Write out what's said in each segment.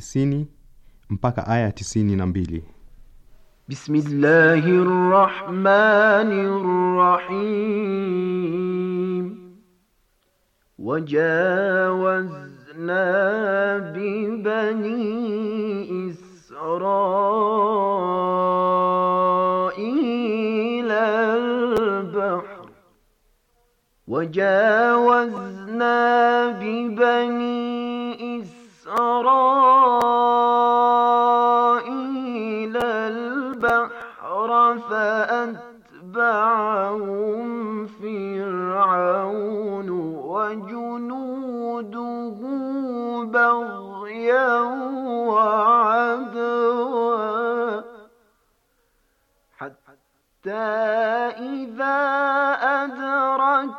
90 mpaka aya 92. Bismillahir Rahmanir Rahim. Wajawazna bi bani Israil al-bahr. Wajawazna bi bani إسرائيل البحر فأتبعهم فرعون وجنوده بغيا وعدوا حتى إذا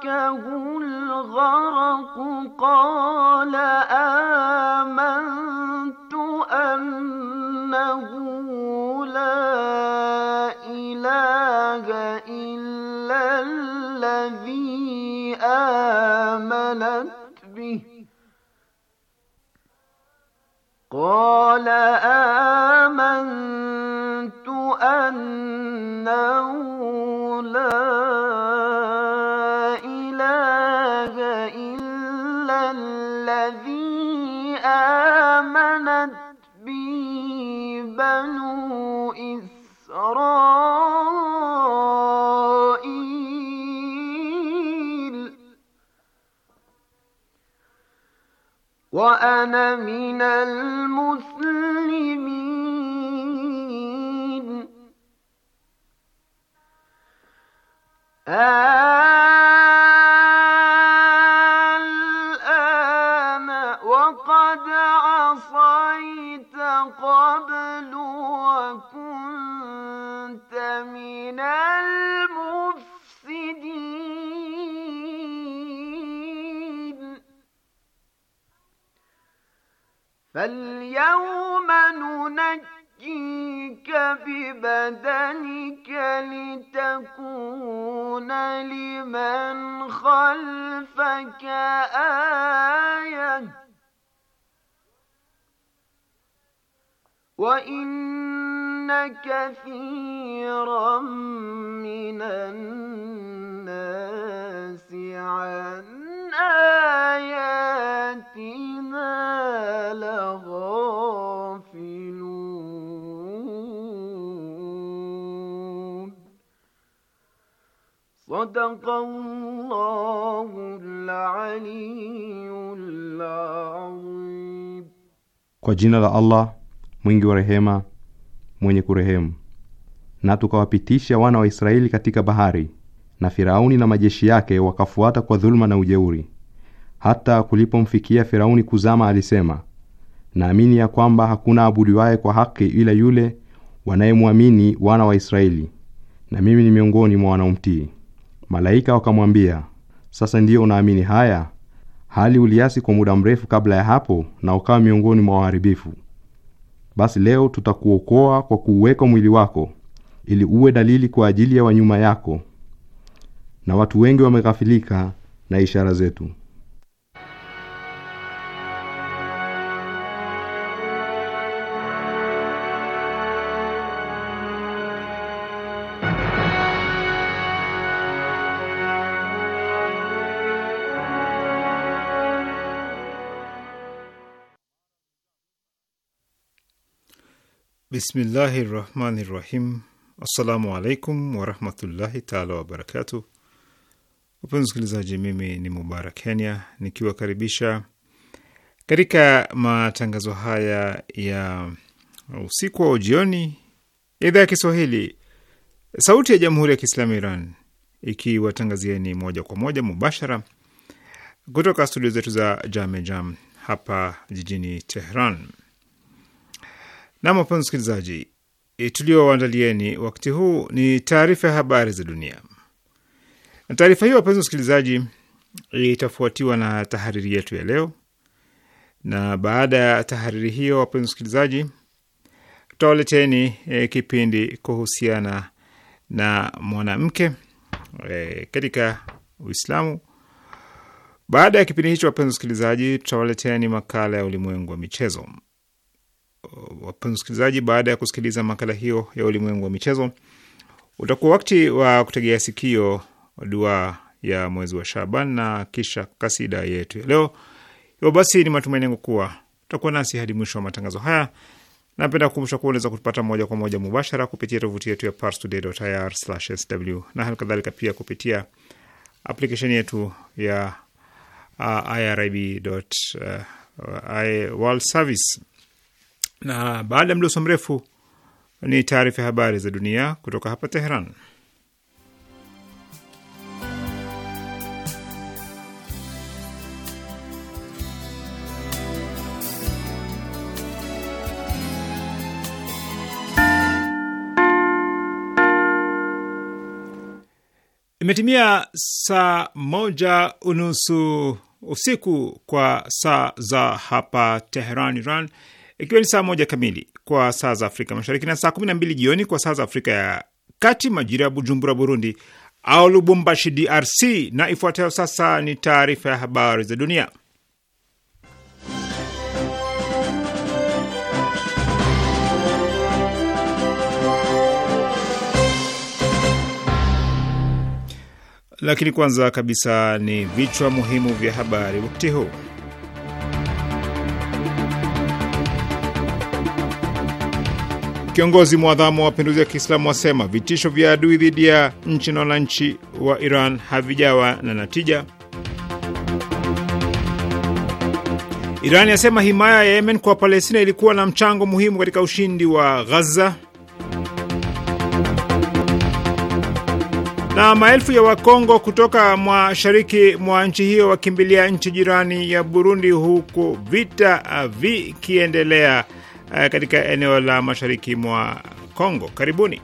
أدركه الغرق قال آمنت أنه لا إله إلا الذي آمنت به قال آمنت كان من المسلمين الآن وقد عصيت قبل وكنت من المسلمين فاليوم ننجيك ببدنك لتكون لمن خلفك آية وإن كثيرا من الناس عن آياتي Kwa jina la Allah mwingi wa rehema mwenye kurehemu. Na tukawapitisha wana wa Israeli katika bahari, na Firauni na majeshi yake wakafuata kwa dhuluma na ujeuri hata kulipomfikia Firauni kuzama, alisema, naamini ya kwamba hakuna abudiwaye kwa haki ila yule wanayemwamini wana wa Israeli, na mimi ni miongoni mwa wanaomtii. Malaika wakamwambia, sasa ndiyo unaamini haya, hali uliasi kwa muda mrefu kabla ya hapo, na ukawa miongoni mwa waharibifu. Basi leo tutakuokoa kwa kuuweka mwili wako, ili uwe dalili kwa ajili ya wanyuma yako, na watu wengi wameghafilika na ishara zetu. Bismillahi rahmani rahim. Assalamu alaikum warahmatullahi taala wabarakatu. Wapenzi msikilizaji, mimi ni Mubarak Kenya nikiwakaribisha katika matangazo haya ya usiku wa ujioni ya idhaa ya Kiswahili sauti ya jamhuri ya Kiislamu Iran ikiwatangazieni moja kwa moja mubashara kutoka studio zetu za Jamejam Jam hapa jijini Tehran. Nam, wapenzi msikilizaji, e, tulioandalieni wakati huu ni taarifa ya habari za dunia, na taarifa hiyo wapenzi msikilizaji, e, itafuatiwa na tahariri yetu ya leo, na baada ya tahariri hiyo, wapenzi msikilizaji, tutawaleteni e, kipindi kuhusiana na mwanamke e, katika Uislamu. Baada ya kipindi hicho, wapenzi msikilizaji, tutawaleteni makala ya ulimwengu wa michezo. Uh, wapenzi wasikilizaji, baada ya kusikiliza makala hiyo ya ulimwengu wa michezo, utakuwa wakati wa kutegea sikio dua ya mwezi wa Shaban na kisha kasida yetu ya leo. Hivyo basi, ni matumaini yangu kuwa utakuwa nasi hadi mwisho wa matangazo haya. Napenda kukumbusha kuwa unaweza kutupata moja kwa moja mubashara kupitia tovuti yetu ya parstoday.ir/sw na hali kadhalika pia kupitia aplikesheni yetu ya uh, IRIB uh, world service na baada ya mdoso mrefu ni taarifa ya habari za dunia kutoka hapa Teheran. Imetimia saa moja unusu usiku kwa saa za hapa Teheran, Iran, ikiwa ni saa moja kamili kwa saa za Afrika Mashariki na saa kumi na mbili jioni kwa saa za Afrika ya Kati, majira ya Bujumbura, Burundi au Lubumbashi, DRC. Na ifuatayo sasa ni taarifa ya habari za dunia, lakini kwanza kabisa ni vichwa muhimu vya habari wakati huu. Kiongozi mwadhamu wa mapinduzi ya Kiislamu wasema vitisho vya adui dhidi ya nchi na wananchi wa Iran havijawa na natija. Iran yasema himaya ya Yemen kwa Palestina ilikuwa na mchango muhimu katika ushindi wa Ghaza. Na maelfu ya Wakongo kutoka mashariki mwa nchi hiyo wakimbilia nchi jirani ya Burundi, huku vita vikiendelea Eh, katika eneo la mashariki mwa Kongo. Karibuni.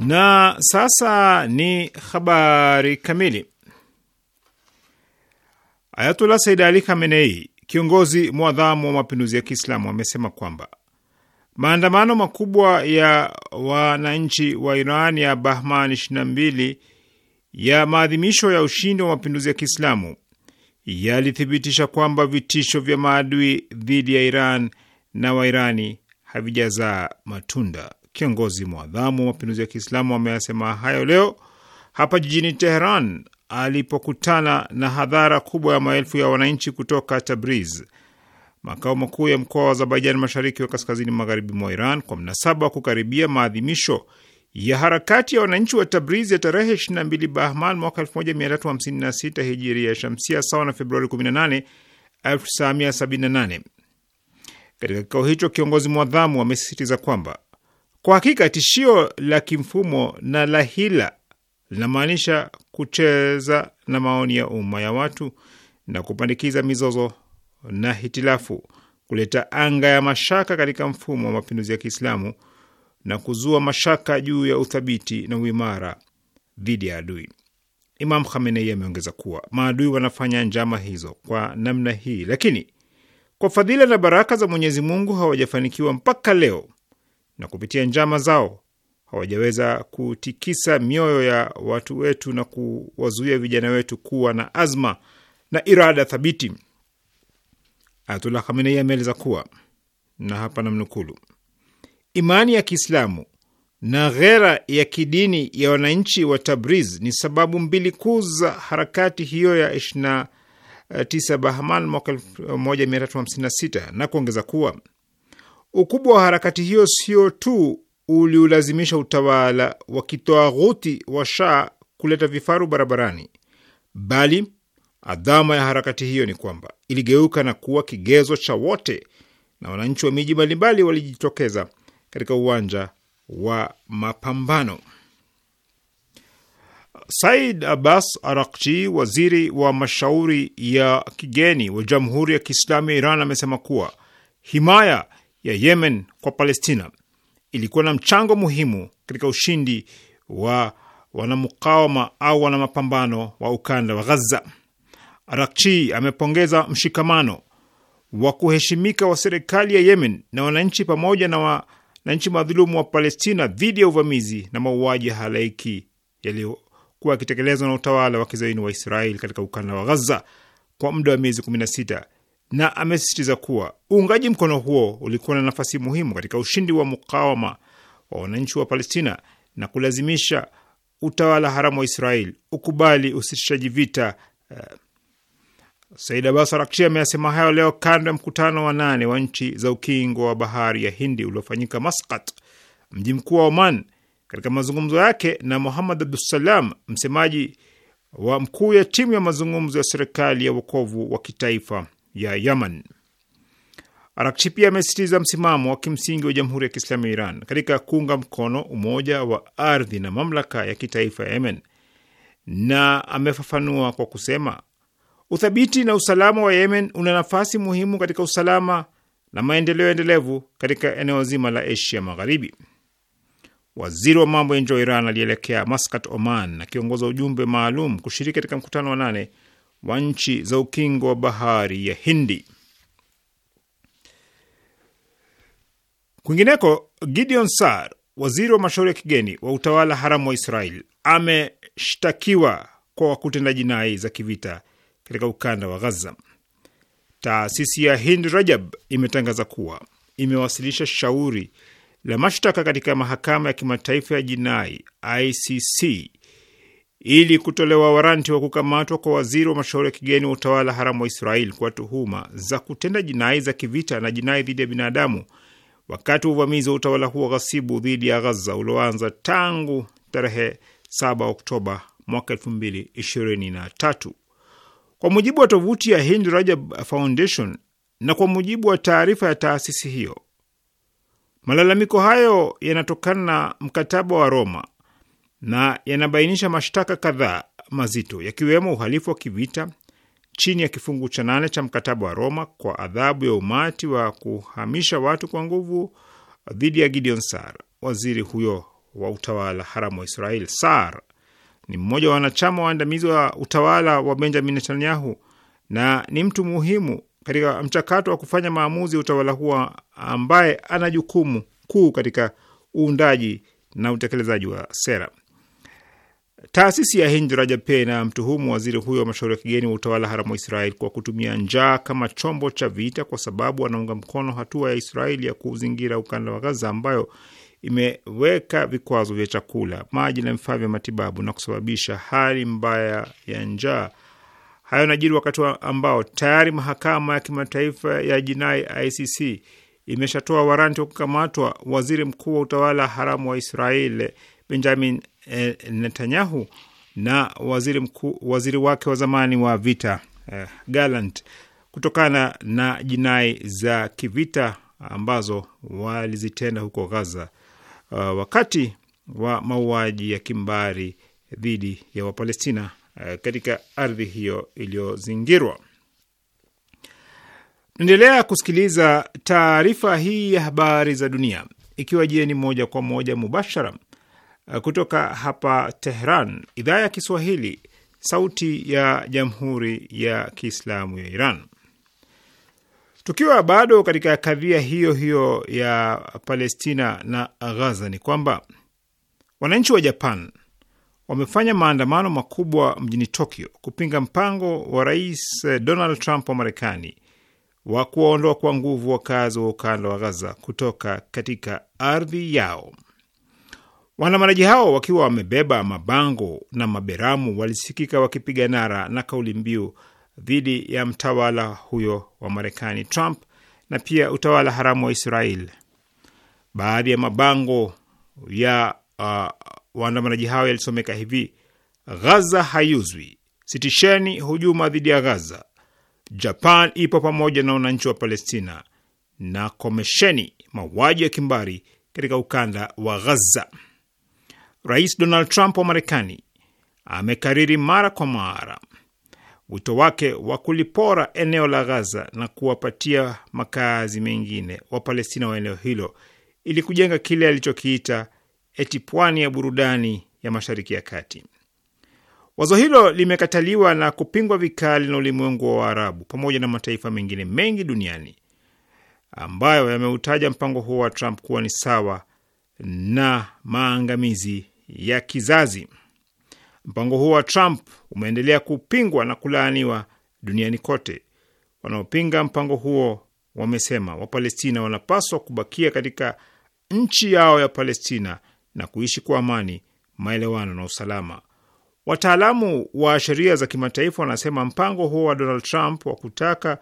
Na sasa ni habari kamili. Ayatullah Said Ali Khamenei, kiongozi mwadhamu wa mapinduzi ya Kiislamu, amesema kwamba maandamano makubwa ya wananchi wa Iran ya Bahman ya maadhimisho ya ushindi wa mapinduzi ya Kiislamu yalithibitisha kwamba vitisho vya maadui dhidi ya Iran na Wairani havijazaa matunda. Kiongozi mwadhamu wa mapinduzi ya Kiislamu ameyasema hayo leo hapa jijini Teheran alipokutana na hadhara kubwa ya maelfu ya wananchi kutoka Tabriz, makao makuu ya mkoa wa Azerbaijan mashariki wa kaskazini magharibi mwa Iran, kwa mnasaba wa kukaribia maadhimisho ya harakati ya wananchi wa Tabriz ya tarehe 22 Bahman mwaka 1356 hijiri ya shamsia sawa na Februari 18, 1978. Katika kikao hicho kiongozi mwadhamu amesisitiza kwamba kwa hakika tishio la kimfumo na la hila linamaanisha kucheza na maoni ya umma ya watu na kupandikiza mizozo na hitilafu, kuleta anga ya mashaka katika mfumo wa mapinduzi ya Kiislamu na kuzua mashaka juu ya uthabiti na uimara dhidi ya adui. Imam Khamenei ameongeza kuwa maadui wanafanya njama hizo kwa namna hii, lakini kwa fadhila na baraka za Mwenyezi Mungu hawajafanikiwa mpaka leo, na kupitia njama zao hawajaweza kutikisa mioyo ya watu wetu na kuwazuia vijana wetu kuwa na azma na irada thabiti. Ayatullah Khamenei ameeleza kuwa na hapa namnukulu Imani ya Kiislamu na ghera ya kidini ya wananchi wa Tabriz ni sababu mbili kuu za harakati hiyo ya 29 Bahman mwaka 1356 na kuongeza kuwa ukubwa wa harakati hiyo sio tu uliulazimisha utawala wa kitoaghuti wa Shah kuleta vifaru barabarani, bali adhama ya harakati hiyo ni kwamba iligeuka na kuwa kigezo cha wote, na wananchi wa miji mbalimbali walijitokeza katika uwanja wa mapambano. Said Abbas Arakji, waziri wa mashauri ya kigeni wa Jamhuri ya Kiislamu ya Iran, amesema kuwa himaya ya Yemen kwa Palestina ilikuwa na mchango muhimu katika ushindi wa wanamukawama au wanamapambano wa ukanda wa Ghaza. Arakchi amepongeza mshikamano wa kuheshimika wa serikali ya Yemen na wananchi pamoja na wa na nchi madhulumu wa Palestina dhidi ya uvamizi na mauaji halaiki yaliyokuwa yakitekelezwa na utawala wa kizaini wa Israeli katika ukanda wa Ghaza kwa muda wa miezi 16 na amesisitiza kuwa uungaji mkono huo ulikuwa na nafasi muhimu katika ushindi wa mukawama wa wananchi wa Palestina na kulazimisha utawala haramu wa Israeli ukubali usitishaji vita uh, Said Abbas Arakshi ameyasema hayo leo kando ya mkutano wa nane wa nchi za ukingo wa bahari ya Hindi uliofanyika Maskat, mji mkuu wa Oman. Katika mazungumzo yake na Muhamad Abdusalam, msemaji wa mkuu ya timu ya mazungumzo ya serikali ya wokovu wa kitaifa ya Yaman, Arakshi pia amesisitiza msimamo wa kimsingi wa Jamhuri ya Kiislamu ya Iran katika kuunga mkono umoja wa ardhi na mamlaka ya kitaifa ya Yemen, na amefafanua kwa kusema Uthabiti na usalama wa Yemen una nafasi muhimu katika usalama na maendeleo endelevu katika eneo zima la Asia Magharibi. Waziri wa mambo ya nje wa Iran alielekea Maskat, Oman, akiongoza ujumbe maalum kushiriki katika mkutano wa nane wa nchi za ukingo wa bahari ya Hindi. Kwingineko, Gideon Sar, waziri wa mashauri ya kigeni wa utawala haramu wa Israel, ameshtakiwa kwa kutenda jinai za kivita katika ukanda wa Gaza. Taasisi ya Hind Rajab imetangaza kuwa imewasilisha shauri la mashtaka katika mahakama ya kimataifa ya jinai ICC ili kutolewa waranti wa kukamatwa kwa waziri wa mashauri ya kigeni wa utawala haramu wa israel kwa tuhuma za kutenda jinai za kivita na jinai dhidi ya binadamu wakati wa uvamizi wa utawala huo ghasibu dhidi ya Ghaza ulioanza tangu tarehe 7 Oktoba mwaka kwa mujibu wa tovuti ya Hind Rajab Foundation na kwa mujibu wa taarifa ya taasisi hiyo, malalamiko hayo yanatokana na mkataba wa Roma na yanabainisha mashtaka kadhaa mazito yakiwemo uhalifu wa kivita chini ya kifungu cha nane cha mkataba wa Roma kwa adhabu ya umati wa kuhamisha watu kwa nguvu dhidi ya Gideon Sar, waziri huyo wa utawala haramu wa Israel. Sar ni mmoja wa wanachama waandamizi wa utawala wa Benjamin Netanyahu na ni mtu muhimu katika mchakato wa kufanya maamuzi utawala huo ambaye ana jukumu kuu katika uundaji na utekelezaji wa sera. Taasisi ya Hinj Rajab pia inamtuhumu waziri huyo wa mashauri ya kigeni wa utawala haramu wa Israel kwa kutumia njaa kama chombo cha vita, kwa sababu anaunga mkono hatua ya Israeli ya kuzingira ukanda wa Gaza ambayo imeweka vikwazo vya chakula, maji na vifaa vya matibabu na kusababisha hali mbaya ya njaa. Hayo najiri wakati ambao tayari mahakama ya kimataifa ya jinai ICC imeshatoa waranti wa kukamatwa waziri mkuu wa utawala haramu wa Israel Benjamin eh, Netanyahu na waziri mkuu, waziri wake wa zamani wa vita eh, Gallant kutokana na jinai za kivita ambazo walizitenda huko Gaza uh, wakati wa mauaji ya kimbari dhidi ya Wapalestina uh, katika ardhi hiyo iliyozingirwa. Naendelea kusikiliza taarifa hii ya habari za dunia ikiwa jieni moja kwa moja mubashara uh, kutoka hapa Tehran, idhaa ya Kiswahili, sauti ya jamhuri ya kiislamu ya Iran. Tukiwa bado katika kadhia hiyo hiyo ya Palestina na Gaza, ni kwamba wananchi wa Japan wamefanya maandamano makubwa mjini Tokyo kupinga mpango wa Rais Donald Trump wa Marekani wa kuwaondoa kwa nguvu wakazi wa ukanda wa Gaza kutoka katika ardhi yao. Waandamanaji hao wakiwa wamebeba mabango na maberamu walisikika wakipiga nara na kauli mbiu dhidi ya mtawala huyo wa Marekani, Trump, na pia utawala haramu wa Israel. Baadhi ya mabango ya uh, waandamanaji hao yalisomeka hivi: Ghaza haiuzwi, sitisheni hujuma dhidi ya Ghaza, Japan ipo pamoja na wananchi wa Palestina, na komesheni mauaji ya kimbari katika ukanda wa Ghaza. Rais Donald Trump wa Marekani amekariri mara kwa mara wito wake wa kulipora eneo la Gaza na kuwapatia makazi mengine Wapalestina wa eneo hilo ili kujenga kile alichokiita eti pwani ya burudani ya Mashariki ya Kati. Wazo hilo limekataliwa na kupingwa vikali na ulimwengu wa Waarabu pamoja na mataifa mengine mengi duniani ambayo yameutaja mpango huo wa Trump kuwa ni sawa na maangamizi ya kizazi. Mpango huo wa Trump umeendelea kupingwa na kulaaniwa duniani kote. Wanaopinga mpango huo wamesema Wapalestina wanapaswa kubakia katika nchi yao ya Palestina na kuishi kwa amani, maelewano na usalama. Wataalamu wa sheria za kimataifa wanasema mpango huo wa Donald Trump wa kutaka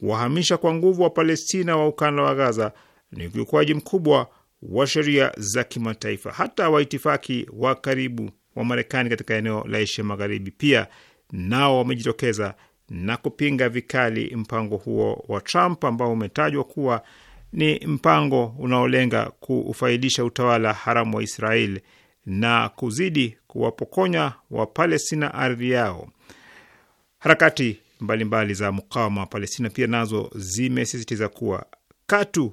kuwahamisha kwa nguvu wa Palestina wa ukanda wa Gaza ni ukiukwaji mkubwa wa sheria za kimataifa. Hata waitifaki wa karibu wa Marekani katika eneo la Asia Magharibi pia nao wamejitokeza na kupinga vikali mpango huo wa Trump ambao umetajwa kuwa ni mpango unaolenga kuufaidisha utawala haramu wa Israel na kuzidi kuwapokonya Wapalestina ardhi yao. Harakati mbalimbali mbali za mukawama wa Palestina pia nazo zimesisitiza kuwa katu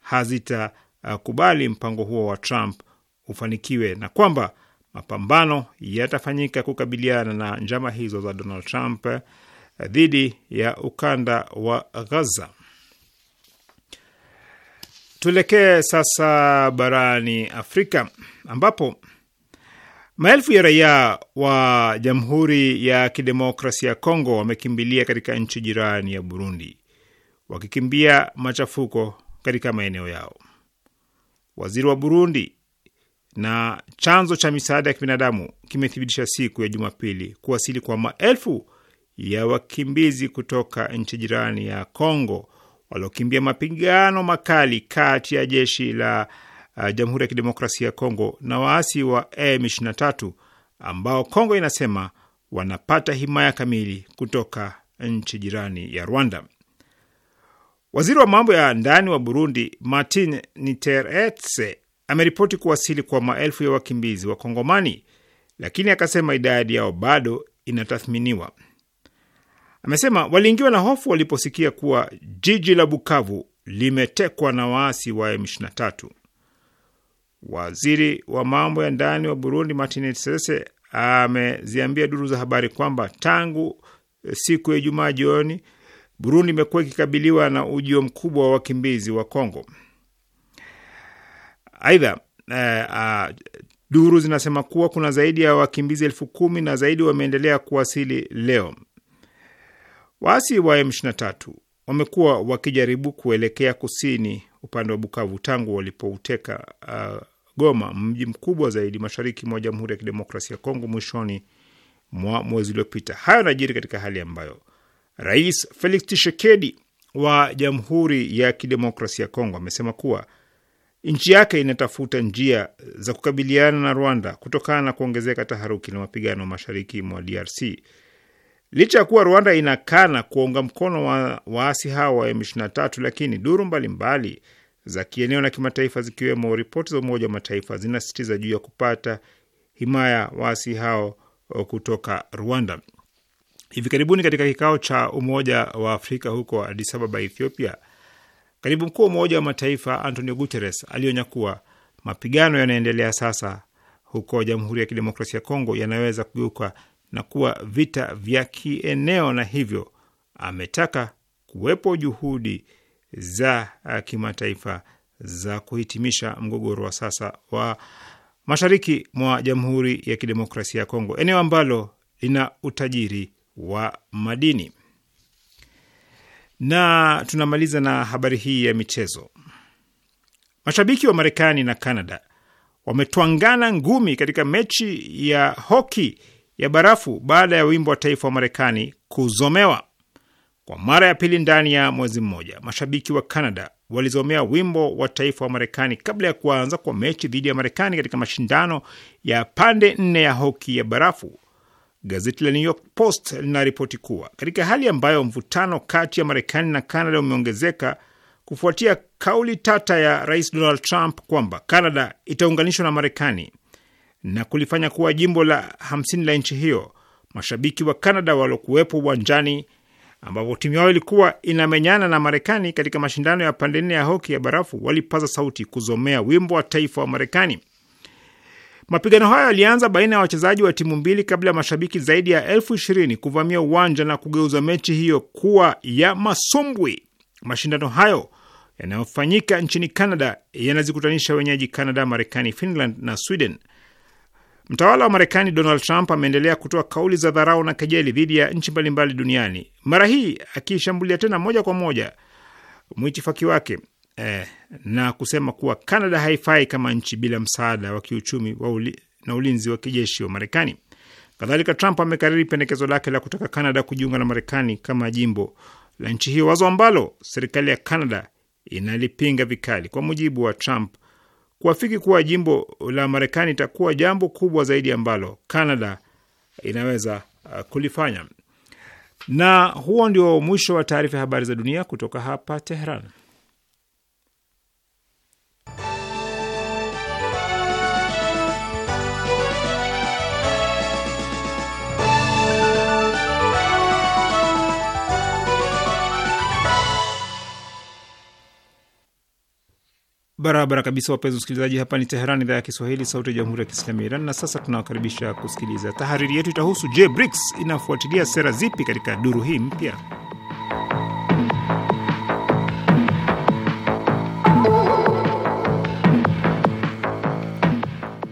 hazitakubali uh, mpango huo wa Trump ufanikiwe na kwamba mapambano yatafanyika kukabiliana na njama hizo za Donald Trump eh, dhidi ya ukanda wa Gaza. Tuelekee sasa barani Afrika ambapo maelfu ya raia wa Jamhuri ya Kidemokrasia ya Kongo wamekimbilia katika nchi jirani ya Burundi wakikimbia machafuko katika maeneo yao. Waziri wa Burundi na chanzo cha misaada ya kibinadamu kimethibitisha siku ya Jumapili kuwasili kwa maelfu ya wakimbizi kutoka nchi jirani ya Kongo waliokimbia mapigano makali kati ya jeshi la uh, Jamhuri ya Kidemokrasia ya Kongo na waasi wa M23 ambao Kongo inasema wanapata himaya kamili kutoka nchi jirani ya Rwanda. Waziri wa mambo ya ndani wa Burundi Martin Niteretse ameripoti kuwasili kwa maelfu ya wakimbizi wa Kongomani, lakini akasema idadi yao bado inatathminiwa. Amesema waliingiwa na hofu waliposikia kuwa jiji la Bukavu limetekwa na waasi wa M23. Waziri wa mambo ya ndani wa Burundi Martin Sese ameziambia duru za habari kwamba tangu eh, siku ya Ijumaa jioni Burundi imekuwa ikikabiliwa na ujio mkubwa wa wakimbizi wa Kongo. Aidha, eh, uh, duru zinasema kuwa kuna zaidi ya wakimbizi elfu kumi na zaidi wameendelea kuwasili leo. Waasi wa M23 wamekuwa wakijaribu kuelekea kusini upande wa Bukavu tangu walipouteka uh, Goma, mji mkubwa zaidi mashariki mwa Jamhuri ya Kidemokrasia ya Kongo mwishoni mwa mwezi uliopita. Hayo yanajiri katika hali ambayo Rais Felix Tshisekedi wa Jamhuri ya Kidemokrasia ya Kongo amesema kuwa nchi yake inatafuta njia za kukabiliana na Rwanda kutokana na kuongezeka taharuki na mapigano mashariki mwa DRC. Licha ya kuwa Rwanda inakana kuwaunga mkono wa waasi hawa wa M23, lakini duru mbalimbali mbali za kieneo na kimataifa zikiwemo ripoti za Umoja wa Mataifa zinasisitiza juu ya kupata himaya waasi hao kutoka Rwanda. Hivi karibuni katika kikao cha Umoja wa Afrika huko Addis Ababa, Ethiopia, Katibu mkuu wa Umoja wa Mataifa Antonio Guterres alionya kuwa mapigano yanaendelea sasa huko Jamhuri ya Kidemokrasia ya Kongo yanaweza kugeuka na kuwa vita vya kieneo, na hivyo ametaka kuwepo juhudi za uh, kimataifa za kuhitimisha mgogoro wa sasa wa mashariki mwa Jamhuri ya Kidemokrasia ya Kongo, eneo ambalo lina utajiri wa madini. Na tunamaliza na habari hii ya michezo. Mashabiki wa Marekani na Kanada wametwangana ngumi katika mechi ya hoki ya barafu baada ya wimbo wa taifa wa Marekani kuzomewa kwa mara ya pili ndani ya mwezi mmoja. Mashabiki wa Kanada walizomea wimbo wa taifa wa Marekani kabla ya kuanza kwa mechi dhidi ya Marekani katika mashindano ya pande nne ya hoki ya barafu. Gazeti la New York Post linaripoti kuwa katika hali ambayo mvutano kati ya Marekani na Kanada umeongezeka kufuatia kauli tata ya Rais Donald Trump kwamba Kanada itaunganishwa na Marekani na kulifanya kuwa jimbo la 50 la nchi hiyo, mashabiki wa Kanada waliokuwepo uwanjani ambapo timu yao ilikuwa inamenyana na Marekani katika mashindano ya pande nne ya hoki ya barafu walipaza sauti kuzomea wimbo wa taifa wa Marekani. Mapigano hayo yalianza baina ya wachezaji wa timu mbili kabla ya mashabiki zaidi ya elfu ishirini kuvamia uwanja na kugeuza mechi hiyo kuwa ya masumbwi. Mashindano hayo yanayofanyika nchini Canada yanazikutanisha wenyeji Canada, Marekani, Finland na Sweden. Mtawala wa Marekani Donald Trump ameendelea kutoa kauli za dharau na kejeli dhidi ya nchi mbalimbali duniani, mara hii akiishambulia tena moja kwa moja mwitifaki wake eh, na kusema kuwa canada haifai kama nchi bila msaada wa kiuchumi wa uli, na ulinzi wa kijeshi wa Marekani. Kadhalika, Trump amekariri pendekezo lake la kutaka canada kujiunga na Marekani kama jimbo la nchi hiyo, wazo ambalo serikali ya canada inalipinga vikali. Kwa mujibu wa Trump, kuafiki kuwa jimbo la Marekani itakuwa jambo kubwa zaidi ambalo Canada inaweza uh, kulifanya. Na huo ndio mwisho wa taarifa ya habari za dunia kutoka hapa Teheran. barabara kabisa, wapenzi msikilizaji, Hapa ni Teheran, idhaa ya Kiswahili, sauti ya jamhuri ya kiislami ya Iran. Na sasa tunawakaribisha kusikiliza tahariri yetu. Itahusu je, BRICS inafuatilia sera zipi katika duru hii mpya?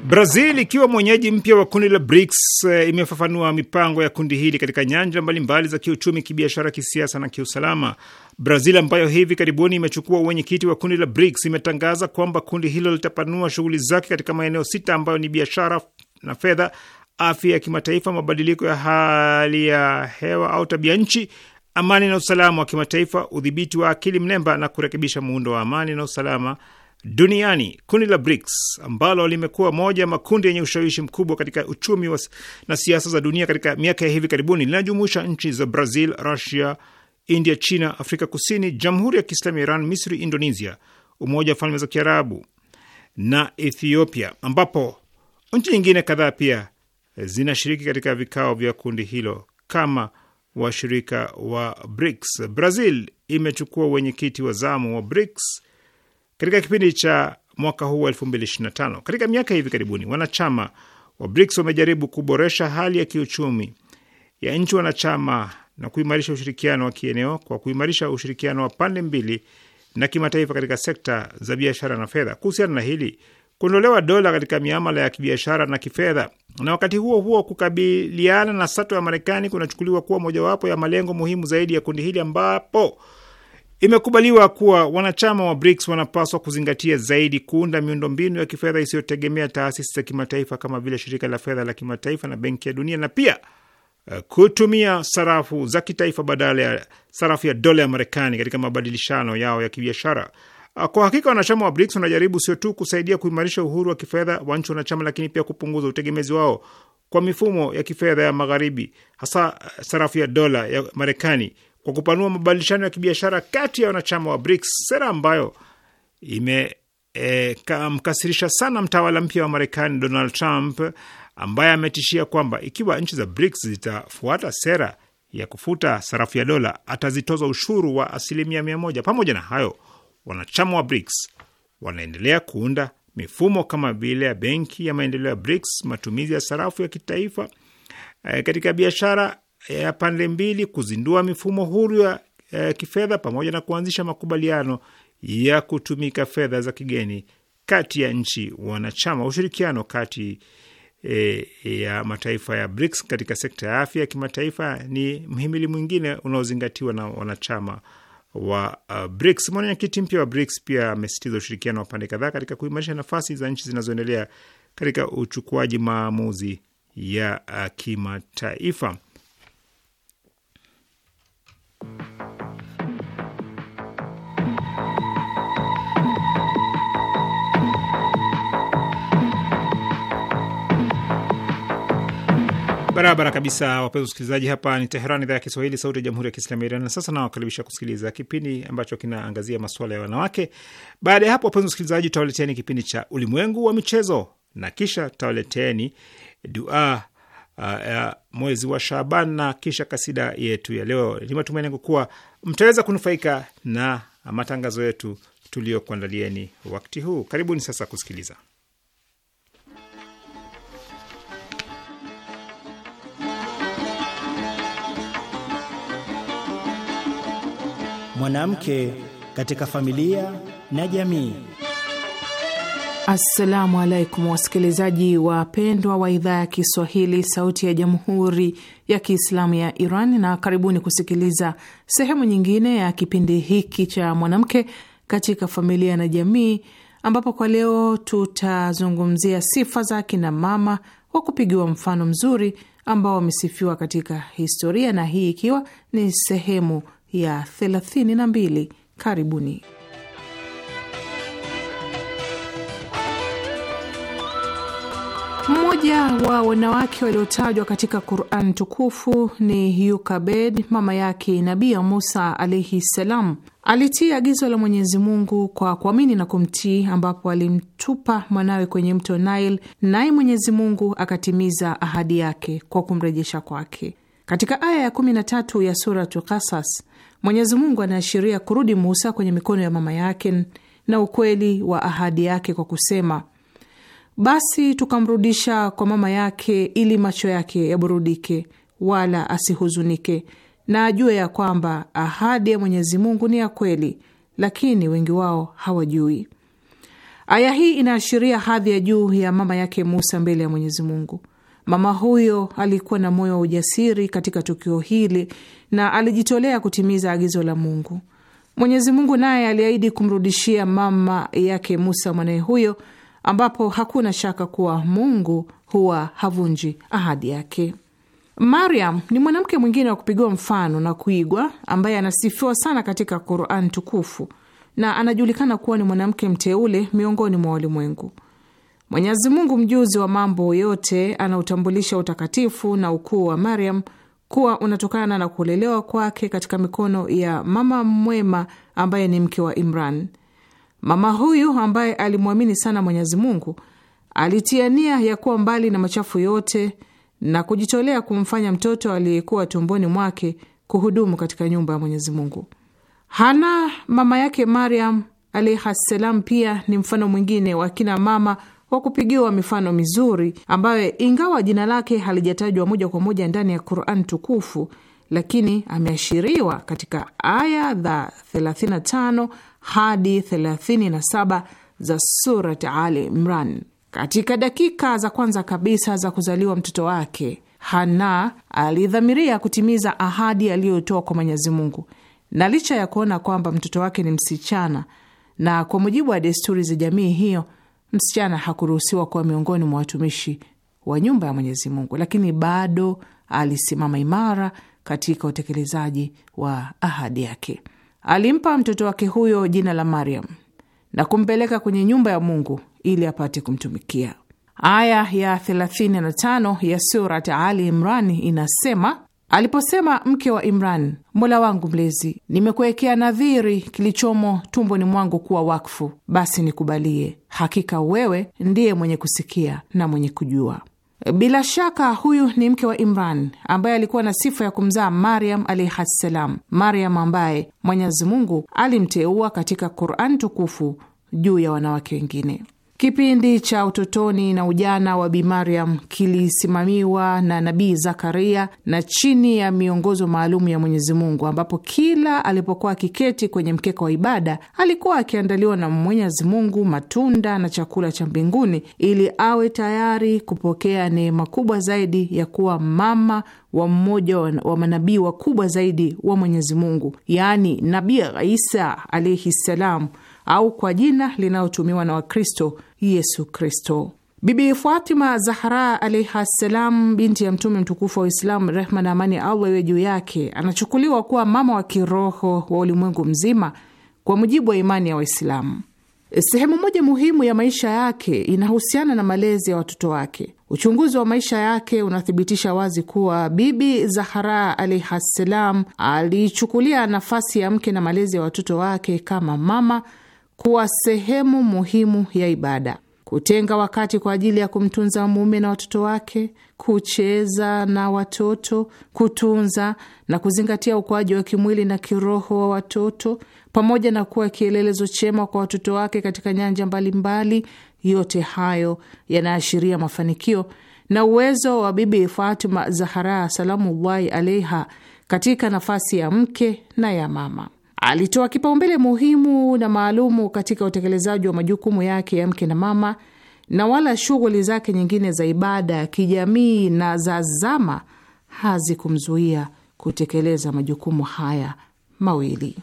Brazil ikiwa mwenyeji mpya wa kundi la BRICS eh, imefafanua mipango ya kundi hili katika nyanja mbalimbali za kiuchumi, kibiashara, kisiasa na kiusalama. Brazil ambayo hivi karibuni imechukua uwenyekiti wa kundi la BRICS imetangaza kwamba kundi hilo litapanua shughuli zake katika maeneo sita ambayo ni biashara na fedha, afya ya kimataifa, mabadiliko ya hali ya hewa au tabia nchi, amani na usalama wa kimataifa, udhibiti wa akili mnemba na kurekebisha muundo wa amani na usalama duniani. Kundi la BRICS ambalo limekuwa moja ya makundi yenye ushawishi mkubwa katika uchumi wa na siasa za dunia katika miaka ya hivi karibuni linajumuisha nchi za Brazil, Russia, India, China, Afrika Kusini, Jamhuri ya Kiislamu ya Iran, Misri, Indonesia, Umoja wa Falme za Kiarabu na Ethiopia, ambapo nchi nyingine kadhaa pia zinashiriki katika vikao vya kundi hilo kama washirika wa BRICS. Brazil imechukua wenyekiti wa zamu wa BRICS katika kipindi cha mwaka huu wa 2025. Katika miaka hivi karibuni, wanachama wa BRICS wamejaribu kuboresha hali ya kiuchumi ya nchi wanachama na kuimarisha ushirikiano wa kieneo kwa kuimarisha ushirikiano wa pande mbili na kimataifa katika sekta za biashara na fedha. Kuhusiana na hili, kuondolewa dola katika miamala ya kibiashara na kifedha, na wakati huo huo kukabiliana na sato ya Marekani kunachukuliwa kuwa mojawapo ya malengo muhimu zaidi ya kundi hili, ambapo Imekubaliwa kuwa wanachama wa BRICS wanapaswa kuzingatia zaidi kuunda miundombinu ya kifedha isiyotegemea taasisi za kimataifa kama vile shirika la fedha la kimataifa na benki ya dunia na pia eh, kutumia sarafu za kitaifa badala ya sarafu ya dola ya Marekani katika mabadilishano yao ya kibiashara. Ah, kwa hakika wanachama wa BRICS wanajaribu sio tu kusaidia kuimarisha uhuru wa kifedha wa nchi wanachama, lakini pia kupunguza utegemezi wao kwa mifumo ya kifedha ya Magharibi, hasa eh, sarafu ya dola ya Marekani kwa kupanua mabadilishano ya kibiashara kati ya wanachama wa BRICS, sera ambayo imemkasirisha eh, e, sana mtawala mpya wa Marekani Donald Trump ambaye ametishia kwamba ikiwa nchi za BRICS zitafuata sera ya kufuta sarafu ya dola atazitoza ushuru wa asilimia mia moja. Pamoja na hayo, wanachama wa BRICS wanaendelea kuunda mifumo kama vile ya benki ya maendeleo ya BRICS, matumizi ya sarafu ya kitaifa e, katika biashara ya pande mbili, kuzindua mifumo huru ya eh, kifedha pamoja na kuanzisha makubaliano ya kutumika fedha za kigeni kati ya nchi wanachama. Ushirikiano kati E, ya mataifa ya BRICS katika sekta ya afya ya kimataifa ni mhimili mwingine unaozingatiwa na wanachama wa uh, BRICS. Mwenyekiti mpya wa BRICS pia amesitiza ushirikiano wa pande kadhaa katika kuimarisha nafasi za nchi zinazoendelea katika uchukuaji maamuzi ya uh, kimataifa. Barabara kabisa, wapenzi wasikilizaji, hapa ni Teheran, idhaa ya Kiswahili, sauti ya jamhuri ya kiislamu ya Iran. Na sasa nawakaribisha kusikiliza kipindi ambacho kinaangazia masuala ya wanawake. Baada ya hapo, wapenzi wasikilizaji, tawaleteni kipindi cha ulimwengu wa michezo na kisha tawaleteni dua uh, ya uh, mwezi wa Shaban na kisha kasida yetu ya leo. Ni matumaini yangu kuwa mtaweza kunufaika na matangazo yetu tuliyokuandalieni wakati huu. Karibuni sasa kusikiliza mwanamke katika familia na jamii. Assalamu alaikum wasikilizaji wapendwa wa idhaa ya Kiswahili sauti ya jamhuri ya Kiislamu ya Iran, na karibuni kusikiliza sehemu nyingine ya kipindi hiki cha mwanamke katika familia na jamii, ambapo kwa leo tutazungumzia sifa za kina mama wa kupigiwa mfano mzuri ambao wamesifiwa katika historia, na hii ikiwa ni sehemu ya 32. Karibuni. Mmoja wa wanawake waliotajwa katika Quran tukufu ni Yukabed, mama yake Nabii Musa alaihi ssalam. Alitii agizo la Mwenyezi Mungu kwa kuamini na kumtii, ambapo alimtupa mwanawe kwenye mto Nile, naye Mwenyezi Mungu akatimiza ahadi yake kwa kumrejesha kwake. Katika aya ya 13 ya Suratu Kasas, Mwenyezi Mungu anaashiria kurudi Musa kwenye mikono ya mama yake na ukweli wa ahadi yake kwa kusema, basi tukamrudisha kwa mama yake ili macho yake yaburudike wala asihuzunike, na ajue ya kwamba ahadi ya Mwenyezi Mungu ni ya kweli, lakini wengi wao hawajui. Aya hii inaashiria hadhi ya juu ya mama yake Musa mbele ya Mwenyezi Mungu. Mama huyo alikuwa na moyo wa ujasiri katika tukio hili na alijitolea kutimiza agizo la Mungu. Mwenyezi Mungu naye aliahidi kumrudishia mama yake Musa mwanaye huyo, ambapo hakuna shaka kuwa Mungu huwa havunji ahadi yake. Mariam ni mwanamke mwingine wa kupigiwa mfano na kuigwa ambaye anasifiwa sana katika Quran tukufu na anajulikana kuwa ni mwanamke mteule miongoni mwa walimwengu. Mwenyezi Mungu mjuzi wa mambo yote anautambulisha utakatifu na ukuu wa Mariam kuwa unatokana na kulelewa kwake katika mikono ya mama mwema ambaye ni mke wa Imran. Mama huyu ambaye alimwamini sana Mwenyezi Mungu alitia nia ya kuwa mbali na machafu yote na kujitolea kumfanya mtoto aliyekuwa tumboni mwake kuhudumu katika nyumba ya Mwenyezi Mungu. Hana mama yake Mariam alaihi salam pia ni mfano mwingine wa kina mama kwa kupigiwa mifano mizuri ambayo ingawa jina lake halijatajwa moja kwa moja ndani ya Quran tukufu lakini ameashiriwa katika aya za 35 hadi 37 za Surat Ali Imran. Katika dakika za kwanza kabisa za kuzaliwa mtoto wake, Hana alidhamiria kutimiza ahadi aliyotoa kwa Mwenyezi Mungu, na licha ya kuona kwamba mtoto wake ni msichana, na kwa mujibu wa desturi za jamii hiyo msichana hakuruhusiwa kuwa miongoni mwa watumishi wa nyumba ya Mwenyezi Mungu, lakini bado alisimama imara katika utekelezaji wa ahadi yake. Alimpa mtoto wake huyo jina la Mariam na kumpeleka kwenye nyumba ya Mungu ili apate kumtumikia. Aya ya 35 ya Surat Ali Imrani inasema aliposema mke wa Imran, Mola wangu mlezi, nimekuwekea nadhiri kilichomo tumboni mwangu kuwa wakfu, basi nikubalie, hakika wewe ndiye mwenye kusikia na mwenye kujua. Bila shaka huyu ni mke wa Imran ambaye alikuwa na sifa ya kumzaa Maryam alaihi ssalam, Maryam ambaye Mwenyezi Mungu alimteua katika Quran tukufu juu ya wanawake wengine. Kipindi cha utotoni na ujana wa Bi Mariam kilisimamiwa na Nabii Zakaria na chini ya miongozo maalum ya Mwenyezi Mungu, ambapo kila alipokuwa akiketi kwenye mkeka wa ibada alikuwa akiandaliwa na Mwenyezi Mungu matunda na chakula cha mbinguni ili awe tayari kupokea neema kubwa zaidi ya kuwa mama wa mmoja wa manabii wakubwa zaidi wa Mwenyezi Mungu, yaani Nabii Isa alaihi ssalam au kwa jina linalotumiwa na Wakristo, Yesu Kristo. Bibi Fatima Zahra alaihi ssalam, binti ya Mtume mtukufu wa Uislamu, rehma na amani Allah iwe juu yake, anachukuliwa kuwa mama wa kiroho wa ulimwengu mzima kwa mujibu wa imani ya Waislamu. Sehemu moja muhimu ya maisha yake inahusiana na malezi ya watoto wake. Uchunguzi wa maisha yake unathibitisha wazi kuwa Bibi Zahara alaihi ssalam aliichukulia nafasi ya mke na malezi ya watoto wake kama mama kuwa sehemu muhimu ya ibada, kutenga wakati kwa ajili ya kumtunza mume na watoto wake, kucheza na watoto, kutunza na kuzingatia ukuaji wa kimwili na kiroho wa watoto, pamoja na kuwa kielelezo chema kwa watoto wake katika nyanja mbalimbali mbali. Yote hayo yanaashiria mafanikio na uwezo wa Bibi Fatima Zahara salamullahi alaiha katika nafasi ya mke na ya mama. Alitoa kipaumbele muhimu na maalumu katika utekelezaji wa majukumu yake ya mke na mama na wala shughuli zake nyingine za ibada, kijamii na za zama hazikumzuia kutekeleza majukumu haya mawili.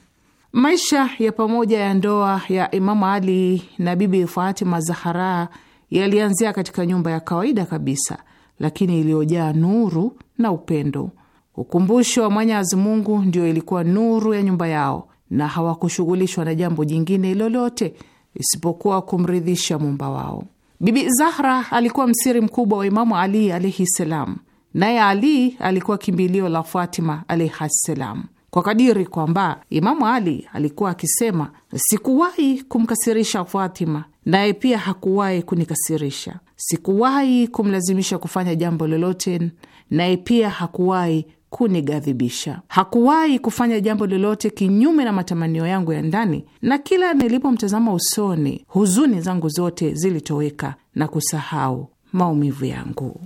Maisha ya pamoja ya ndoa ya Imamu Ali na Bibi Fatima Zahara yalianzia katika nyumba ya kawaida kabisa, lakini iliyojaa nuru na upendo. Ukumbusho wa Mwenyezi Mungu ndio ilikuwa nuru ya nyumba yao, na hawakushughulishwa na jambo jingine lolote isipokuwa kumridhisha muumba wao. Bibi Zahra alikuwa msiri mkubwa wa Imamu Ali alaihi ssalam, naye Ali alikuwa kimbilio la Fatima alaihi ssalam, kwa kadiri kwamba Imamu Ali alikuwa akisema, sikuwahi kumkasirisha Fatima, naye pia hakuwahi kunikasirisha. Sikuwahi kumlazimisha kufanya jambo lolote, naye pia hakuwahi kunigadhibisha Hakuwahi kufanya jambo lolote kinyume na matamanio yangu ya ndani, na kila nilipomtazama usoni, huzuni zangu zote zilitoweka na kusahau maumivu yangu.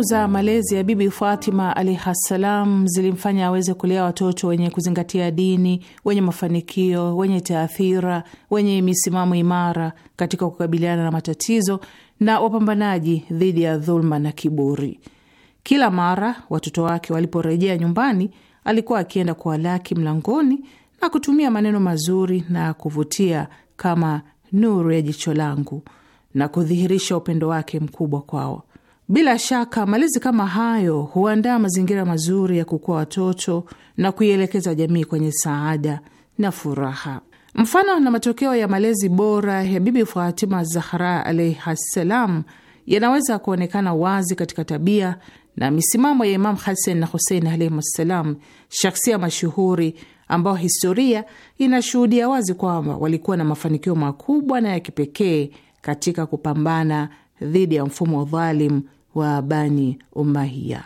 Mbinu za malezi ya Bibi Fatima alaihi ssalam zilimfanya aweze kulea watoto wenye kuzingatia dini, wenye mafanikio, wenye taathira, wenye misimamo imara katika kukabiliana na matatizo na wapambanaji dhidi ya dhuluma na kiburi. Kila mara watoto wake waliporejea nyumbani, alikuwa akienda kuwalaki mlangoni na kutumia maneno mazuri na kuvutia kama nuru ya jicho langu na kudhihirisha upendo wake mkubwa kwao. Bila shaka malezi kama hayo huandaa mazingira mazuri ya kukua watoto na kuielekeza jamii kwenye saada na furaha. Mfano na matokeo ya malezi bora ya Bibi Fatima Zahra alaihissalam yanaweza kuonekana wazi katika tabia na misimamo ya Imam Hasan na Husein alaihimassalam, shaksia mashuhuri ambao historia inashuhudia wazi kwamba walikuwa na mafanikio makubwa na ya kipekee katika kupambana dhidi ya mfumo dhalimu wa Bani Umayya.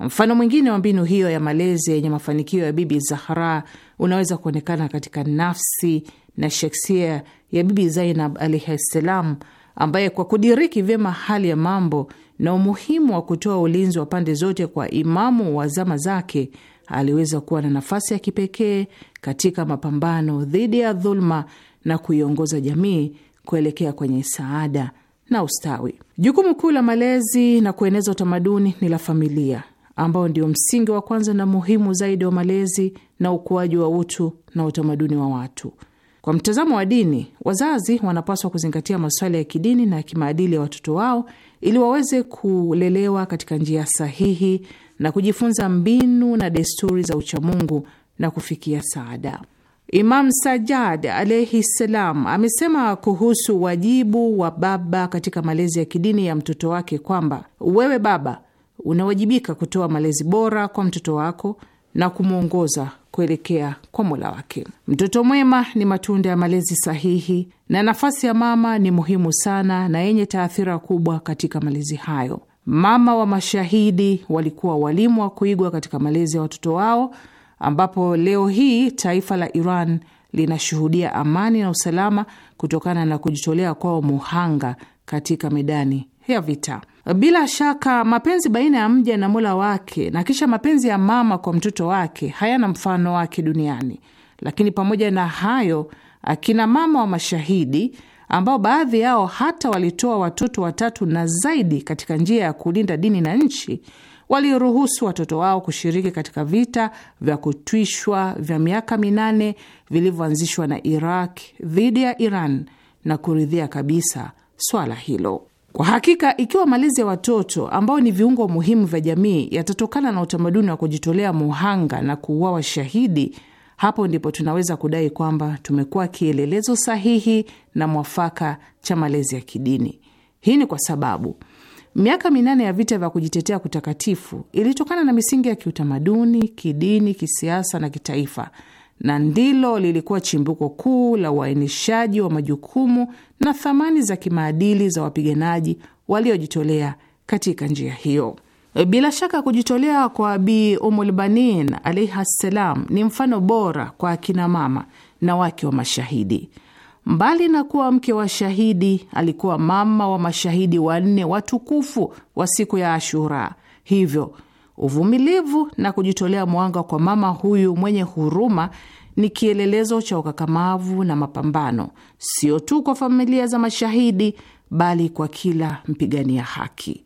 Mfano mwingine wa mbinu hiyo ya malezi yenye mafanikio ya Bibi Zahra unaweza kuonekana katika nafsi na shaksia ya Bibi Zainab alaihi ssalam, ambaye kwa kudiriki vyema hali ya mambo na umuhimu wa kutoa ulinzi wa pande zote kwa imamu wa zama zake aliweza kuwa na nafasi ya kipekee katika mapambano dhidi ya dhuluma na kuiongoza jamii kuelekea kwenye saada na ustawi. Jukumu kuu la malezi na kueneza utamaduni ni la familia, ambao ndio msingi wa kwanza na muhimu zaidi wa malezi na ukuaji wa utu na utamaduni wa watu. Kwa mtazamo wa dini, wazazi wanapaswa kuzingatia masuala ya kidini na kimaadili ya watoto wao ili waweze kulelewa katika njia sahihi na kujifunza mbinu na desturi za uchamungu na kufikia saada. Imam Sajjad alaihi ssalam amesema kuhusu wajibu wa baba katika malezi ya kidini ya mtoto wake kwamba wewe baba unawajibika kutoa malezi bora kwa mtoto wako na kumwongoza kuelekea kwa Mola wake. Mtoto mwema ni matunda ya malezi sahihi, na nafasi ya mama ni muhimu sana na yenye taathira kubwa katika malezi hayo. Mama wa mashahidi walikuwa walimu wa kuigwa katika malezi ya watoto wao ambapo leo hii taifa la Iran linashuhudia amani na usalama kutokana na kujitolea kwao muhanga katika medani ya vita. Bila shaka mapenzi baina ya mja na Mola wake na kisha mapenzi ya mama kwa mtoto wake hayana mfano wake duniani. Lakini pamoja na hayo, akina mama wa mashahidi ambao baadhi yao hata walitoa watoto watatu na zaidi katika njia ya kulinda dini na nchi waliruhusu watoto wao kushiriki katika vita vya kutwishwa vya miaka minane vilivyoanzishwa na Iraq dhidi ya Iran na kuridhia kabisa swala hilo. Kwa hakika, ikiwa malezi ya watoto ambao ni viungo muhimu vya jamii yatatokana na utamaduni wa kujitolea muhanga na kuuawa shahidi, hapo ndipo tunaweza kudai kwamba tumekuwa kielelezo sahihi na mwafaka cha malezi ya kidini. Hii ni kwa sababu Miaka minane ya vita vya kujitetea kutakatifu ilitokana na misingi ya kiutamaduni, kidini, kisiasa na kitaifa, na ndilo lilikuwa chimbuko kuu la uainishaji wa majukumu na thamani za kimaadili za wapiganaji waliojitolea katika njia hiyo. Bila shaka kujitolea kwa Bi Umulbanin alaihi ssalam ni mfano bora kwa akinamama na wake wa mashahidi. Mbali na kuwa mke wa shahidi, alikuwa mama wa mashahidi wanne watukufu wa siku ya Ashura. Hivyo uvumilivu na kujitolea mwanga kwa mama huyu mwenye huruma ni kielelezo cha ukakamavu na mapambano, sio tu kwa familia za mashahidi, bali kwa kila mpigania haki.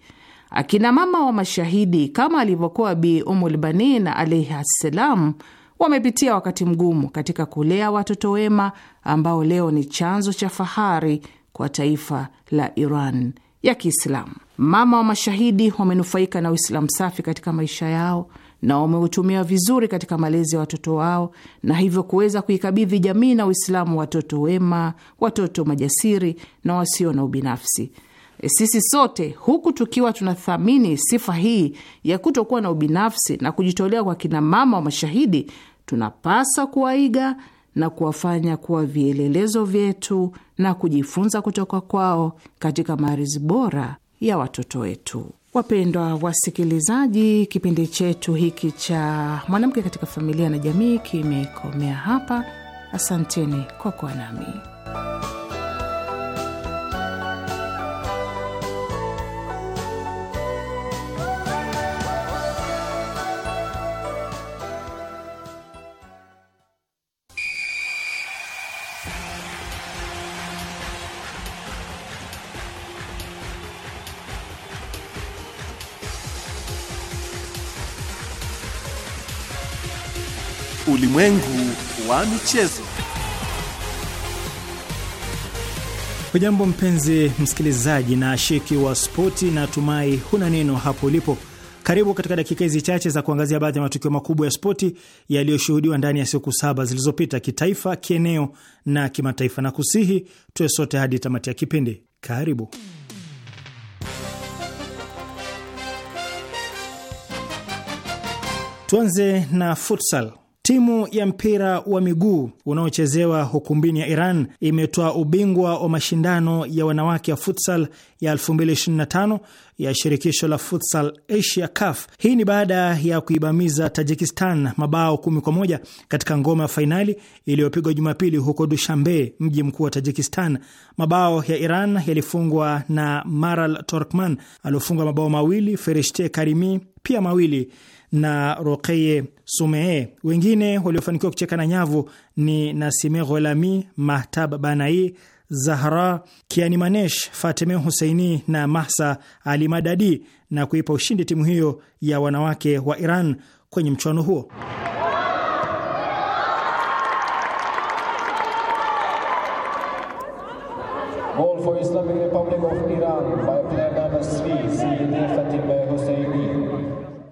Akina mama wa mashahidi kama alivyokuwa Bi Umulbanin alaihi ssalam wamepitia wakati mgumu katika kulea watoto wema ambao leo ni chanzo cha fahari kwa taifa la Iran ya Kiislamu. Mama wa mashahidi wamenufaika na Uislamu safi katika maisha yao na wameutumia vizuri katika malezi ya watoto wao na hivyo kuweza kuikabidhi jamii na Uislamu watoto wema, watoto majasiri na wasio na ubinafsi. E, sisi sote huku tukiwa tunathamini sifa hii ya kutokuwa na ubinafsi na kujitolea kwa kinamama wa mashahidi, tunapaswa kuwaiga na kuwafanya kuwa vielelezo vyetu na kujifunza kutoka kwao katika maarizi bora ya watoto wetu. Wapendwa wasikilizaji, kipindi chetu hiki cha mwanamke katika familia na jamii kimekomea hapa. Asanteni kwa kuwa nami. ulimwengu wa michezo. Hujambo mpenzi msikilizaji na shiki wa spoti, na tumai huna neno hapo ulipo. Karibu katika dakika hizi chache za kuangazia baadhi ya matukio makubwa ya spoti yaliyoshuhudiwa ndani ya siku saba zilizopita, kitaifa, kieneo na kimataifa, na kusihi tuwe sote hadi tamati ya kipindi. Karibu. Tuanze na futsal Timu ya mpira wa miguu unaochezewa hukumbini ya Iran imetoa ubingwa wa mashindano ya wanawake ya futsal ya 2025 ya shirikisho la futsal Asia CAF. Hii ni baada ya kuibamiza Tajikistan mabao kumi kwa moja katika ngoma ya fainali iliyopigwa Jumapili huko Dushambe, mji mkuu wa Tajikistan. Mabao ya Iran yalifungwa na Maral Torkman aliofunga mabao mawili, Ferishte Karimi pia mawili na Rokeye Sumee. Wengine waliofanikiwa kucheka na nyavu ni Nasime Gholami, Mahtab Banai, Zahra Kianimanesh, Fatime Huseini na Mahsa Ali Madadi, na kuipa ushindi timu hiyo ya wanawake wa Iran kwenye mchuano huo. Goal for Islamic Republic of Iran by player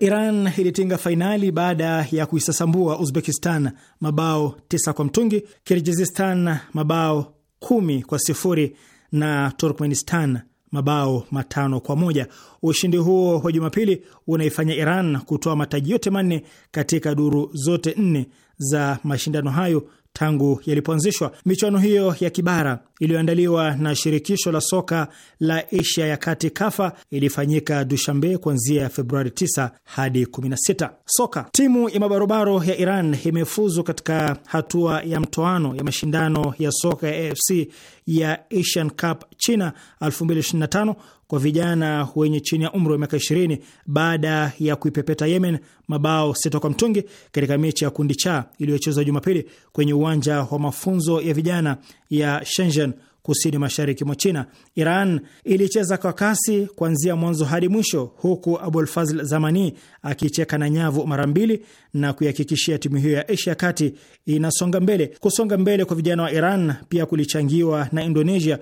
Iran ilitinga fainali baada ya kuisasambua Uzbekistan mabao tisa kwa mtungi, Kirgizistan mabao kumi kwa sifuri na Turkmenistan mabao matano kwa moja. Ushindi huo wa Jumapili unaifanya Iran kutoa mataji yote manne katika duru zote nne za mashindano hayo tangu yalipoanzishwa. Michuano hiyo ya kibara iliyoandaliwa na shirikisho la soka la Asia ya kati KAFA ilifanyika Dushambe kuanzia Februari 9 hadi 16. Soka timu ya mabarobaro ya Iran imefuzu katika hatua ya mtoano ya mashindano ya soka ya AFC ya Asian Cup China 2025 kwa vijana wenye chini ya umri wa miaka 20 baada ya kuipepeta Yemen mabao sita kwa mtungi katika mechi ya kundi cha iliyochezwa Jumapili kwenye uwanja wa mafunzo ya vijana ya Shenzhen kusini mashariki mwa China. Iran ilicheza kwa kasi kuanzia mwanzo hadi mwisho, huku Abulfazl Zamani akicheka na nyavu mara mbili na kuihakikishia timu hiyo ya Asia kati inasonga mbele. Kusonga mbele kwa vijana wa Iran pia kulichangiwa na Indonesia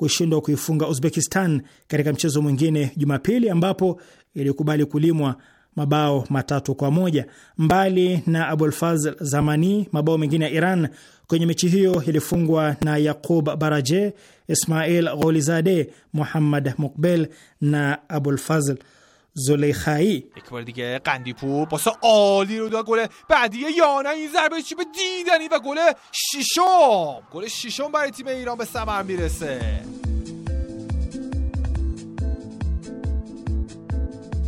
kushindwa kuifunga Uzbekistan katika mchezo mwingine Jumapili, ambapo ilikubali kulimwa mabao matatu kwa moja. Mbali na Abulfazl Zamani, mabao mengine ya Iran kwenye mechi hiyo ilifungwa na Yaqub Baraje, Ismail Gholizade, Muhammad Mukbel na Abulfazl زلیخایی یک بار دیگه قندیپور پاس عالی رو داد گله بعدی یانه این ضربه چی به دیدنی و گله ششم گل ششم برای تیم ایران به ثمر میرسه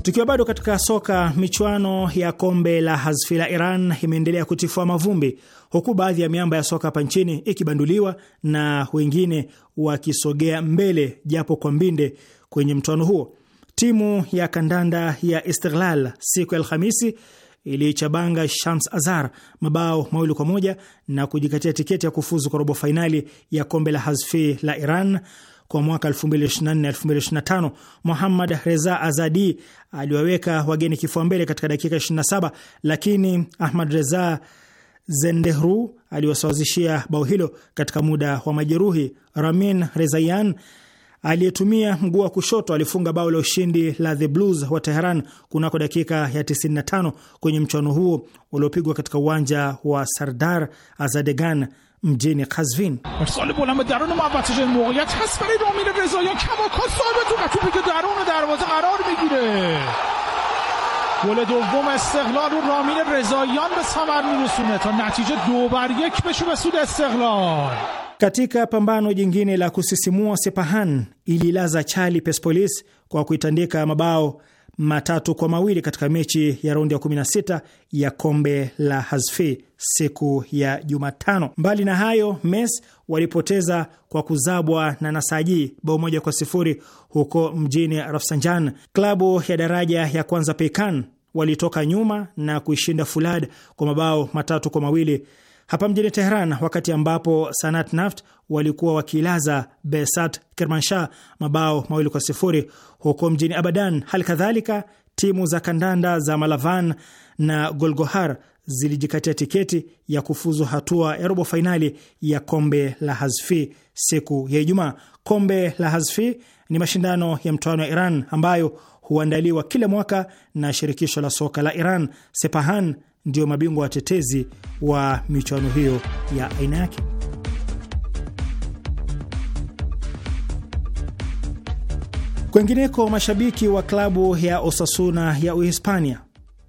Tukiwa bado katika soka, michuano ya kombe la Hazfi la Iran imeendelea kutifua mavumbi huku baadhi ya miamba ya soka hapa nchini ikibanduliwa na wengine wakisogea mbele japo kwa mbinde kwenye mtoano huo. Timu ya kandanda ya Istiklal siku ya Alhamisi iliichabanga Shams Azar mabao mawili kwa moja na kujikatia tiketi ya kufuzu kwa robo fainali ya kombe la Hazfi la Iran kwa mwaka 2024-2025. Muhammad Reza Azadi aliwaweka wageni kifua mbele katika dakika 27, lakini Ahmad Reza Zendehru aliwasawazishia bao hilo katika muda wa majeruhi. Ramin rezayan aliyetumia mguu wa kushoto alifunga bao la ushindi la The Blues wa Teheran kunako dakika ya 95 kwenye mchuano huo uliopigwa katika uwanja wa Sardar Azadegan mjini Kazvin. گل دوم استقلال رو رامین رضاییان به ثمر میرسونه تا نتیجه دو بر یک بشه به سود استقلال katika pambano jingine la kusisimua, Sepahan ililaza chali Persepolis kwa kuitandika mabao matatu kwa mawili katika mechi ya raundi ya 16 ya kombe la Hazfi siku ya Jumatano. Mbali na hayo, Mes walipoteza kwa kuzabwa na Nasaji bao moja kwa sifuri huko mjini Rafsanjan. Klabu ya daraja ya kwanza Peikan walitoka nyuma na kuishinda Fulad kwa mabao matatu kwa mawili hapa mjini Tehran, wakati ambapo Sanat Naft walikuwa wakilaza Besat Kermanshah mabao mawili kwa sifuri huko mjini Abadan. Hali kadhalika timu za kandanda za Malavan na Golgohar zilijikatia tiketi ya kufuzu hatua ya robo fainali ya kombe la Hazfi siku ya Ijumaa. Kombe la Hazfi ni mashindano ya mtoano ya Iran ambayo huandaliwa kila mwaka na shirikisho la soka la Iran Sepahan ndio mabingwa watetezi wa michuano hiyo ya aina yake. Kwengineko, mashabiki wa klabu ya Osasuna ya Uhispania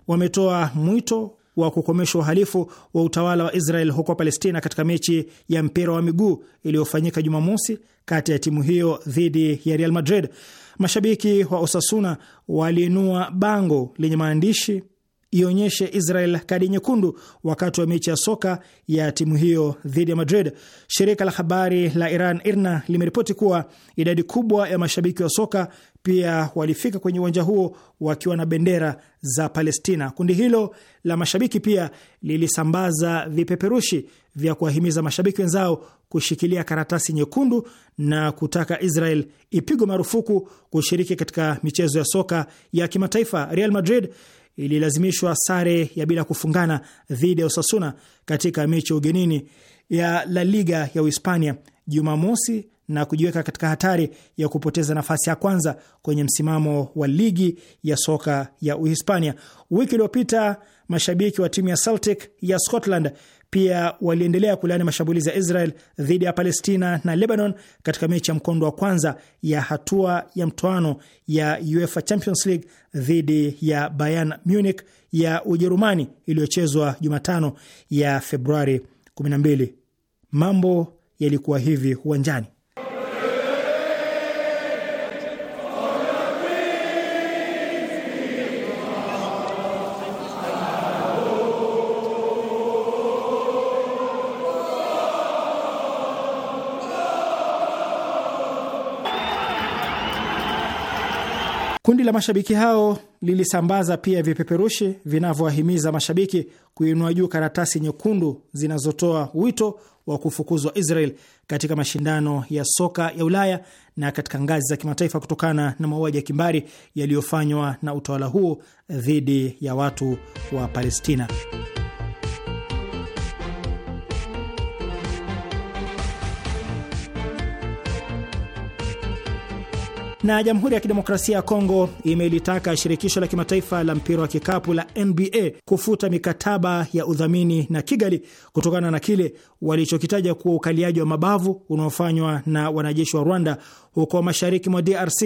wametoa mwito wa kukomesha uhalifu wa utawala wa Israel huko Palestina katika mechi ya mpira wa miguu iliyofanyika Jumamosi kati ya timu hiyo dhidi ya Real Madrid. Mashabiki wa Osasuna waliinua bango lenye maandishi ionyeshe Israel kadi nyekundu wakati wa mechi ya soka ya timu hiyo dhidi ya Madrid. Shirika la habari la Iran IRNA limeripoti kuwa idadi kubwa ya mashabiki wa soka pia walifika kwenye uwanja huo wakiwa na bendera za Palestina. Kundi hilo la mashabiki pia lilisambaza vipeperushi vya kuwahimiza mashabiki wenzao kushikilia karatasi nyekundu na kutaka Israel ipigwe marufuku kushiriki katika michezo ya soka ya kimataifa. Real Madrid ililazimishwa sare ya bila kufungana dhidi ya Osasuna katika mechi ya ugenini ya La Liga ya Uhispania Jumamosi na kujiweka katika hatari ya kupoteza nafasi ya kwanza kwenye msimamo wa ligi ya soka ya Uhispania. Wiki iliyopita mashabiki wa timu ya Celtic ya Scotland pia waliendelea kulaani mashambulizi ya Israel dhidi ya Palestina na Lebanon katika mechi ya mkondo wa kwanza ya hatua ya mtoano ya UEFA Champions League dhidi ya Bayern Munich ya Ujerumani iliyochezwa Jumatano ya Februari 12. Mambo yalikuwa hivi uwanjani. mashabiki hao lilisambaza pia vipeperushi vinavyowahimiza mashabiki kuinua juu karatasi nyekundu zinazotoa wito wa kufukuzwa Israel katika mashindano ya soka ya Ulaya na katika ngazi za kimataifa kutokana na mauaji ya kimbari yaliyofanywa na utawala huo dhidi ya watu wa Palestina. Na Jamhuri ya Kidemokrasia ya Kongo imelitaka shirikisho la kimataifa la mpira wa kikapu la NBA kufuta mikataba ya udhamini na Kigali kutokana na kile walichokitaja kuwa ukaliaji wa mabavu unaofanywa na wanajeshi wa Rwanda huko mashariki mwa DRC.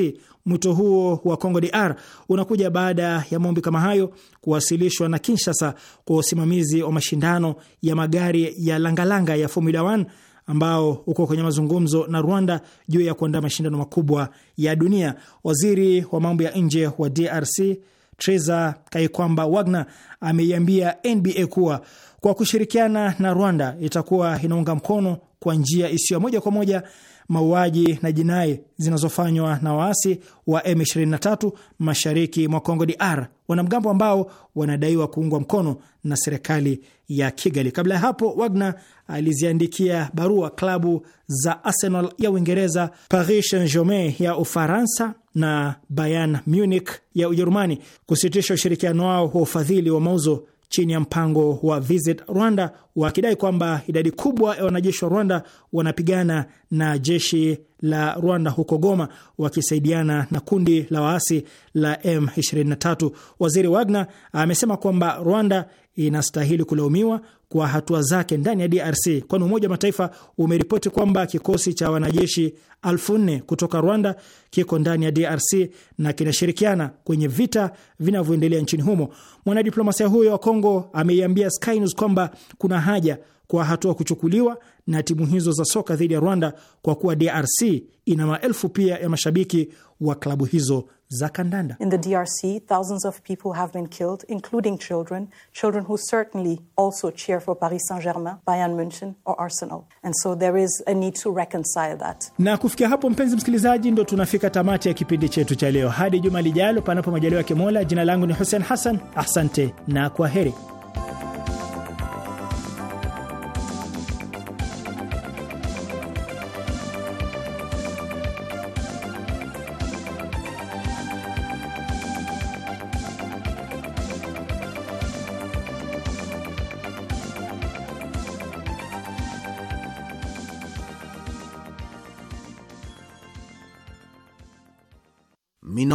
Mwito huo wa congo DR unakuja baada ya maombi kama hayo kuwasilishwa na Kinshasa kwa usimamizi wa mashindano ya magari ya langalanga ya Formula 1 ambao uko kwenye mazungumzo na Rwanda juu ya kuandaa mashindano makubwa ya dunia. Waziri wa mambo ya nje wa DRC Treza Kaikwamba Wagner ameiambia NBA kuwa kwa kushirikiana na Rwanda itakuwa inaunga mkono kwa njia isiyo moja kwa moja mauaji na jinai zinazofanywa na waasi wa M23 mashariki mwa Kongo DR, wanamgambo ambao wanadaiwa kuungwa mkono na serikali ya Kigali. Kabla ya hapo, Wagner aliziandikia barua klabu za Arsenal ya Uingereza, Paris Saint-Germain ya Ufaransa na Bayern Munich ya Ujerumani kusitisha ushirikiano wao wa ufadhili wa mauzo chini ya mpango wa Visit Rwanda, wakidai kwamba idadi kubwa ya wanajeshi wa Rwanda wanapigana na jeshi la Rwanda huko Goma, wakisaidiana na kundi la waasi la M23. Waziri Wagner amesema kwamba Rwanda inastahili kulaumiwa kwa hatua zake ndani ya DRC, kwani Umoja wa Mataifa umeripoti kwamba kikosi cha wanajeshi elfu nne kutoka Rwanda kiko ndani ya DRC na kinashirikiana kwenye vita vinavyoendelea nchini humo. Mwanadiplomasia huyo wa Kongo ameiambia Sky News kwamba kuna haja kwa hatua kuchukuliwa na timu hizo za soka dhidi ya Rwanda, kwa kuwa DRC ina maelfu pia ya mashabiki wa klabu hizo za kandanda. In the DRC, thousands of people have been killed, including children, children who certainly also cheer for Paris Saint-Germain, Bayern Munchen or Arsenal. And so there is a need to reconcile that. Na kufikia hapo, mpenzi msikilizaji, ndo tunafika tamati ya kipindi chetu cha leo. Hadi juma lijalo, panapo majaliwa ya jina langu ni Hussein Hassan. Asante na kwa heri.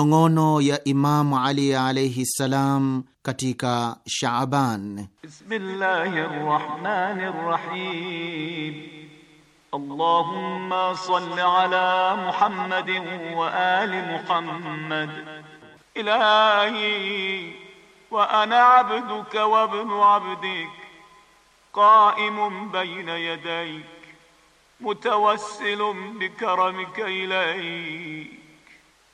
manong'ono ya Imamu Ali alaihi ssalam katika Shaaban. Bismillahir Rahmanir Rahim. Allahumma salli ala Muhammadin wa ali Muhammad. Ilahi wa ana abduka wa ibnu abdik qaimun bayna yadayk mutawassilun bikaramika ilayk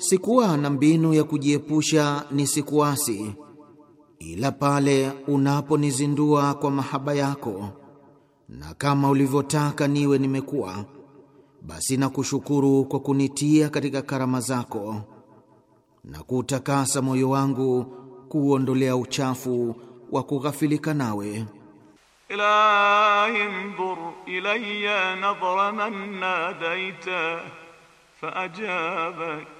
sikuwa na mbinu ya kujiepusha nisikuasi, ila pale unaponizindua kwa mahaba yako, na kama ulivyotaka niwe nimekuwa, basi nakushukuru kwa kunitia katika karama zako na kuutakasa moyo wangu kuuondolea uchafu wa kughafilika nawe. Ilahi ilayya nadhra man nadaita faajabak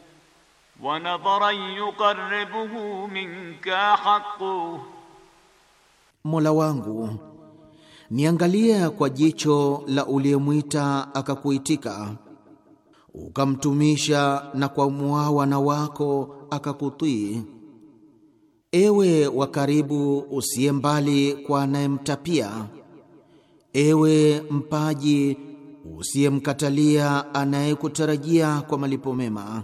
ونظرا يقربه منك حقه Mola wangu niangalia kwa jicho la uliyemwita akakuitika, ukamtumisha na kwa muawana wako akakutii, ewe wa karibu usiye mbali kwa anayemtapia, ewe mpaji usiyemkatalia anayekutarajia kwa malipo mema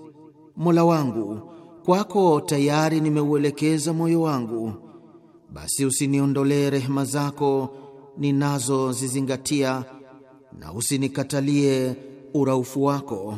Mola wangu, kwako tayari nimeuelekeza moyo wangu, basi usiniondolee rehema zako ninazozizingatia, na usinikatalie uraufu wako.